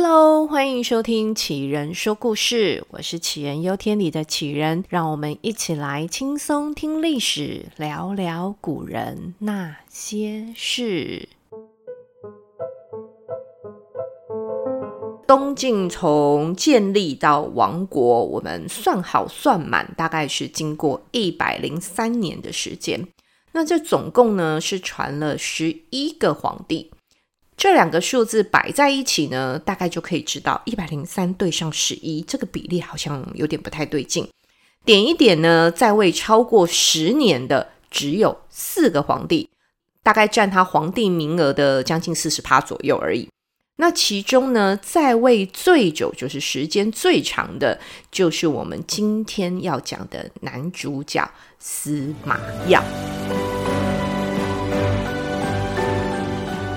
Hello，歡迎收聽《杞人說故事》，我是《杞人憂天》裡的杞人，讓我們一起來輕鬆聽歷史，聊聊古人那些事。東晉從建立到亡國，我們算好算滿，大概是經過一百零三年的時間。那這總共呢，是傳了十一個皇帝。這兩個數字擺在一起呢，大概就可以知道一百零三對上十一，這個比例好像有點不太對勁。點一點呢，在位超過十年的只有四個皇帝，大概佔他皇帝名額的將近四十趴左右而已。那其中呢，在位最久就是時間最長的，就是我們今天要講的男主角司馬曜。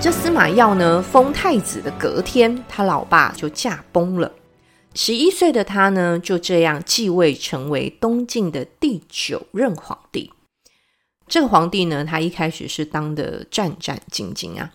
這司馬曜呢，封太子的隔天，他老爸就駕崩了。十一歲的他呢，就這樣繼位成為東晉的第九任皇帝。這個皇帝呢，他一開始是當得戰戰兢兢啊。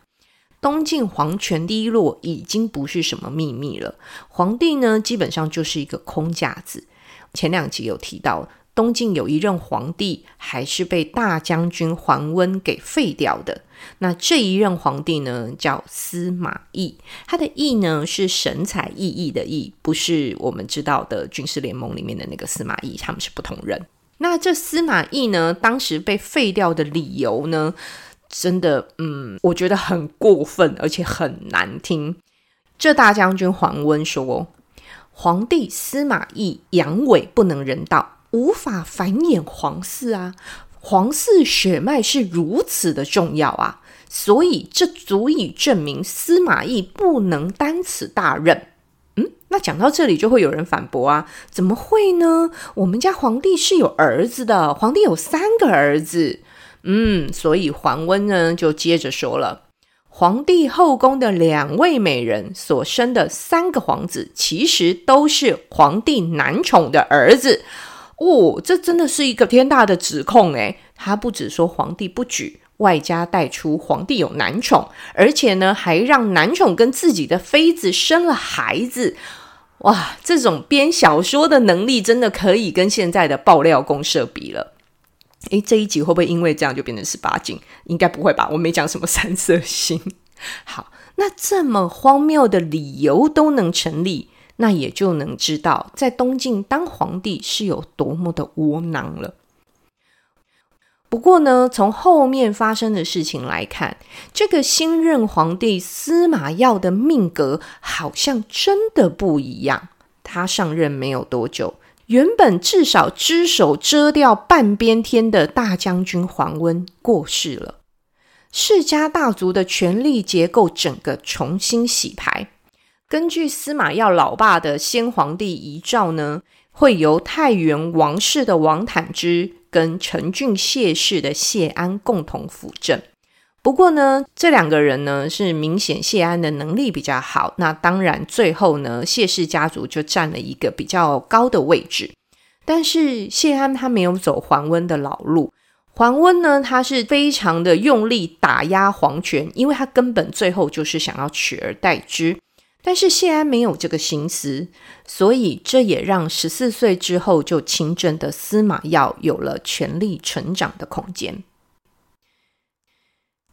東晉皇權低落已經不是什麼秘密了，皇帝呢，基本上就是一個空架子。前兩集有提到。東晉有一任皇帝，還是被大將軍桓溫給廢掉的。那這一任皇帝呢，叫司馬奕。他的“奕”呢，是神采奕奕的“奕”，不是我們知道的軍事聯盟裡面的那個司馬懿，他們是不同人。那這司馬奕呢，當時被廢掉的理由呢，真的，嗯，我覺得很過分，而且很難聽。這大將軍桓溫說：“皇帝司馬奕陽痿，不能人道。”無法繁衍皇嗣啊，皇嗣血脈是如此的重要啊，所以這足以證明司馬奕不能擔此大任。嗯，那講到這裡就會有人反駁啊，怎麼會呢？我們家皇帝是有兒子的，皇帝有三個兒子。嗯，所以桓溫呢就接着說了，皇帝後宮的兩位美人所生的三個皇子，其實都是皇帝男寵的兒子。哦，這真的是一個天大的指控哎！他不只說皇帝不舉，外加帶出皇帝有男寵，而且呢，還讓男寵跟自己的妃子生了孩子。哇，這種編小說的能力真的可以跟現在的爆料公社比了。哎，這一集會不會因為這樣就變成十八禁？應該不會吧，我沒講什麼三色心。好，那這麼荒謬的理由都能成立。那也就能知道，在東晉當皇帝是有多麼的窩囊了。不過呢，從後面發生的事情來看，這個新任皇帝司馬曜的命格好像真的不一樣。他上任沒有多久，原本至少只手遮掉半邊天的大將軍桓溫過世了，世家大族的權力結構整個重新洗牌。根據司馬曜老爸的先皇帝遺詔呢，會由太原王氏的王坦之跟陳郡謝氏的謝安共同輔政。不過呢，這兩個人呢是明顯謝安的能力比較好。那當然，最後呢，謝氏家族就佔了一個比較高的位置。但是謝安他沒有走桓溫的老路。桓溫呢，他是非常的用力打壓皇權，因為他根本最後就是想要取而代之。但是謝安沒有這個心思，所以這也讓十四歲之後就親政的司馬曜有了權力成長的空間。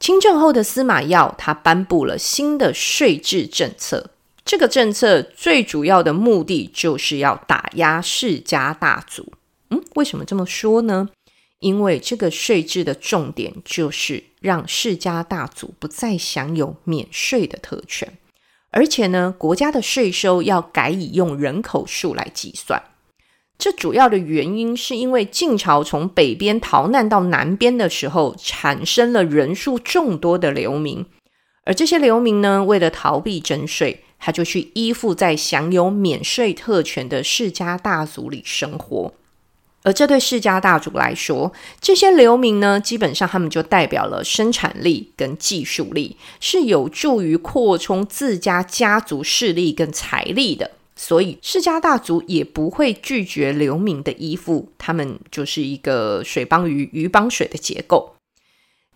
親政後的司馬曜，他頒布了新的稅制政策。這個政策最主要的目的就是要打壓世家大族。嗯，為什麼這麼說呢？因為這個稅制的重點就是讓世家大族不再享有免稅的特權。而且呢，國家的稅收要改以用人口數來計算。這主要的原因是因為晉朝從北邊逃難到南邊的時候，產生了人數眾多的流民。而這些流民呢，為了逃避徵稅，他就去依附在享有免稅特權的世家大族裡生活。而這對世家大族來說，這些流民呢，基本上他們就代表了生產力跟技術力，是有助於擴充自家家族勢力跟財力的。所以世家大族也不會拒絕流民的依附，他們就是一個水幫魚，魚幫水的結構。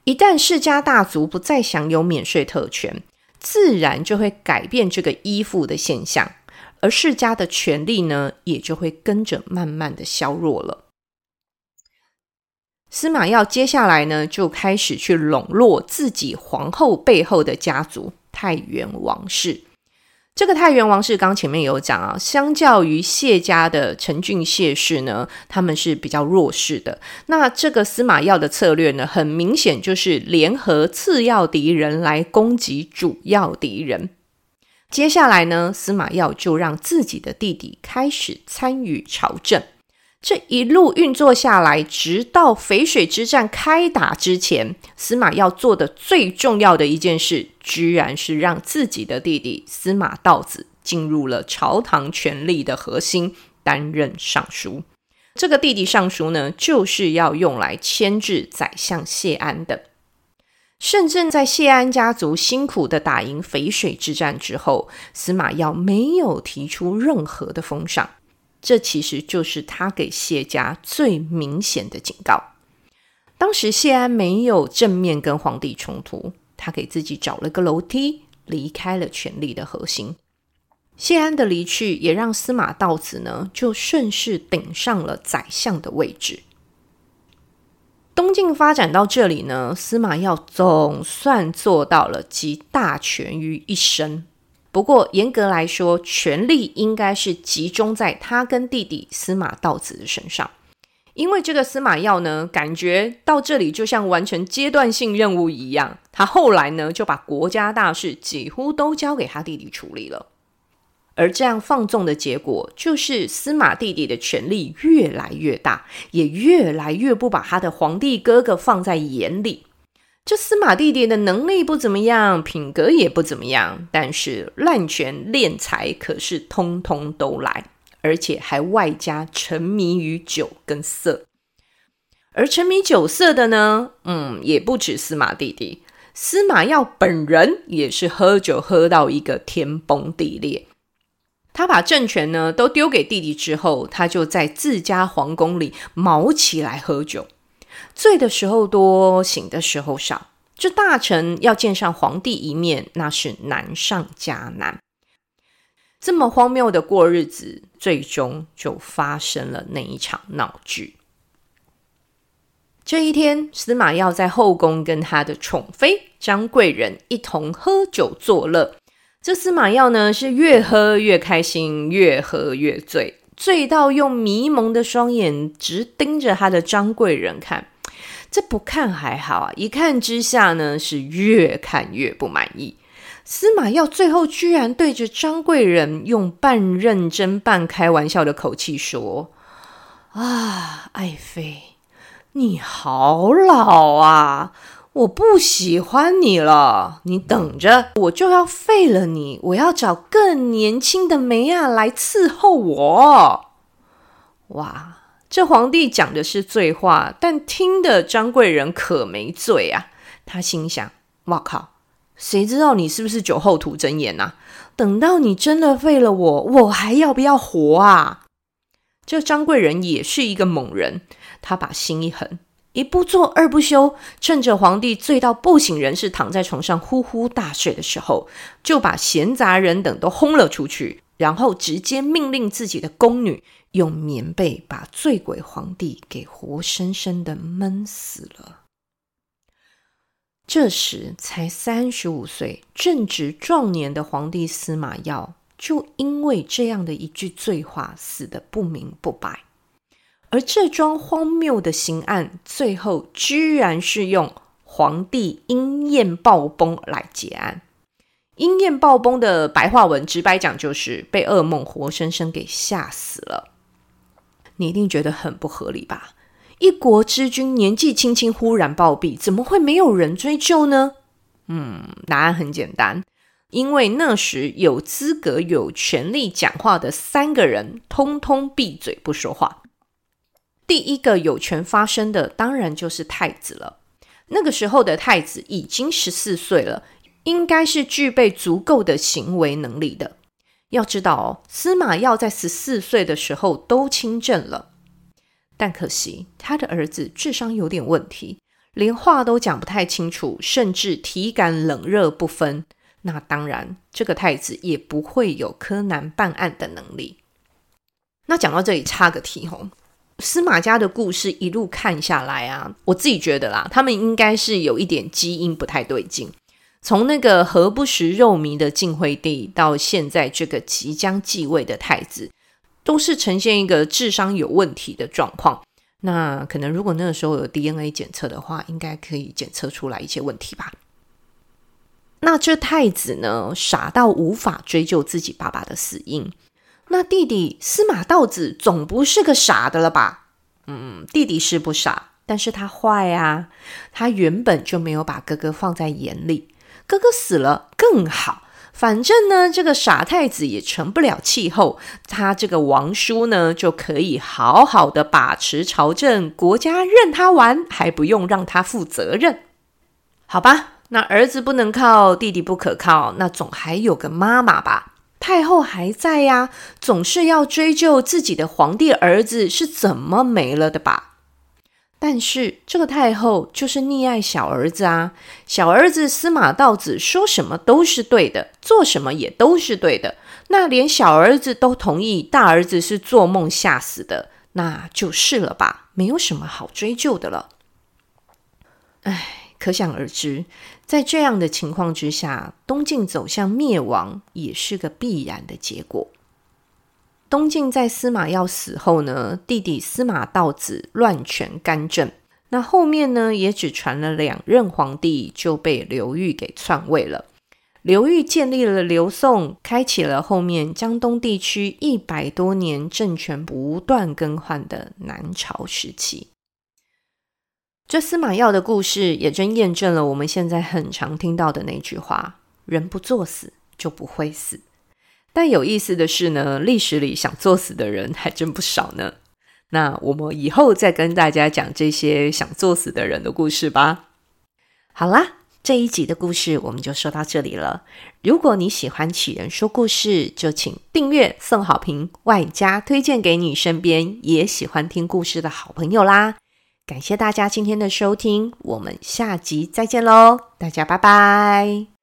一旦世家大族不再享有免稅特權，自然就會改變這個依附的現象。而世家的權力呢，也就會跟着慢慢的削弱了。司馬曜接下來呢，就開始去籠絡自己皇后背後的家族——太原王氏。這個太原王氏，剛前面有講啊，相較於謝家的陳郡謝氏呢，他們是比較弱勢的。那這個司馬曜的策略呢，很明顯就是聯合次要敵人來攻擊主要敵人。接下來呢，司馬曜就讓自己的弟弟開始參與朝政。這一路運作下來，直到淝水之戰開打之前，司馬曜做的最重要的一件事，居然是讓自己的弟弟司馬道子進入了朝堂權力的核心，擔任尚書。這個弟弟尚書呢，就是要用來牽制宰相謝安的。甚至在謝安家族辛苦的打贏淝水之戰之後，司馬曜沒有提出任何的封賞，這其實就是他給謝家最明顯的警告。當時謝安沒有正面跟皇帝衝突，他給自己找了個樓梯離開了權力的核心。謝安的離去也讓司馬道子呢，就順勢頂上了宰相的位置。東晉發展到這裡呢，司馬曜總算做到了集大權於一身。不過，嚴格來說，權力應該是集中在他跟弟弟司馬道子的身上。因為這個司馬曜呢，感覺到這裡就像完成階段性任務一樣，他後來呢就把國家大事幾乎都交給他弟弟處理了。而這樣放縱的結果，就是司馬弟弟的權力越來越大，也越來越不把他的皇帝哥哥放在眼裡。這司馬弟弟的能力不怎麼樣，品格也不怎麼樣，但是濫權斂財可是通通都來，而且還外加沉迷於酒跟色。而沉迷酒色的呢，嗯，也不止司馬弟弟，司馬曜本人也是喝酒喝到一個天崩地裂。他把政權呢都丟給弟弟之後，他就在自家皇宮裡卯起來喝酒，醉的時候多，醒的時候少。這大臣要見上皇帝一面，那是難上加難。這麼荒謬的過日子，最終就發生了那一場鬧劇。這一天，司馬曜在後宮跟他的寵妃張貴人一同喝酒作樂。這司馬曜呢，是越喝越開心，越喝越醉，醉到用迷蒙的雙眼直盯着他的張貴人看。這不看還好啊，一看之下呢，是越看越不滿意。司馬曜最後居然對着張貴人用半認真、半開玩笑的口氣說：“啊，愛妃，你好老啊！”我不喜歡你了，你等着，我就要廢了你！我要找更年輕的梅婭來伺候我。哇，這皇帝講的是醉話，但聽的張貴人可沒醉啊。他心想：我靠，誰知道你是不是酒後吐真言吶啊？等到你真的廢了我，我還要不要活啊？這張貴人也是一個猛人，他把心一橫。一不做二不休，趁着皇帝醉到不省人事、躺在床上呼呼大睡的時候，就把閒雜人等都轟了出去，然後直接命令自己的宮女用棉被把醉鬼皇帝給活生生的悶死了。這時才三十五歲、正值壯年的皇帝司馬曜，就因為這樣的一句醉話，死得不明不白。而這樁荒謬的刑案，最後居然是用皇帝因魘暴崩來結案。因魘暴崩的白話文直白講，就是被噩夢活生生給嚇死了。你一定覺得很不合理吧？一國之君年紀輕輕輕忽然暴斃，怎麼會沒有人追究呢？嗯，答案很簡單，因為那時有資格、有權利講話的三個人，通通閉嘴不說話。第一個有權發聲的，當然就是太子了。那個時候的太子已經十四歲了，應該是具備足夠的行為能力的。要知道哦，司馬曜在十四歲的時候都親政了，但可惜他的兒子智商有點問題，連話都講不太清楚，甚至體感冷熱不分。那當然，這個太子也不會有柯南辦案的能力。那講到這裡，插個題哦。司馬家的故事一路看下來啊，我自己覺得啦，他們應該是有一點基因不太對勁。從那個何不食肉糜的晉惠帝，到現在這個即將繼位的太子，都是呈現一個智商有問題的狀況。那可能如果那個時候有 DNA 檢測的話，應該可以檢測出來一些問題吧。那這太子呢，傻到無法追究自己爸爸的死因。那弟弟司馬道子總不是個傻的了吧？嗯，弟弟是不傻，但是他壞啊。他原本就沒有把哥哥放在眼裡，哥哥死了更好。反正呢，這個傻太子也成不了氣候，他這個王叔呢，就可以好好的把持朝政，國家任他玩，還不用讓他負責任。好吧，那兒子不能靠，弟弟不可靠，那總還有個媽媽吧？太后還在呀，總是要追究自己的皇帝兒子是怎麼沒了的吧？但是這個太後就是溺愛小兒子啊，小兒子司馬道子說什麼都是對的，做什麼也都是對的。那連小兒子都同意大兒子是做夢嚇死的，那就是了吧？沒有什麼好追究的了。唉。可想而知，在這樣的情況之下，東晉走向滅亡也是個必然的結果。東晉在司馬曜死後呢，弟弟司馬道子亂權干政，那後面呢也只傳了兩任皇帝，就被劉裕給篡位了。劉裕建立了劉宋，開啟了後面江東地區一百多年政權不斷更換的南朝時期。這司馬曜的故事也真驗證了我們現在很常聽到的那句話：人不作死就不會死。但有意思的是呢，歷史裡想作死的人還真不少呢。那我們以後再跟大家講這些想作死的人的故事吧。好啦，這一集的故事我們就說到這裡了。如果你喜歡杞人說故事，就請訂閱、送好評，外加推薦給你身邊也喜歡聽故事的好朋友啦。感謝大家今天的收聽，我們下集再見嘍，大家拜拜。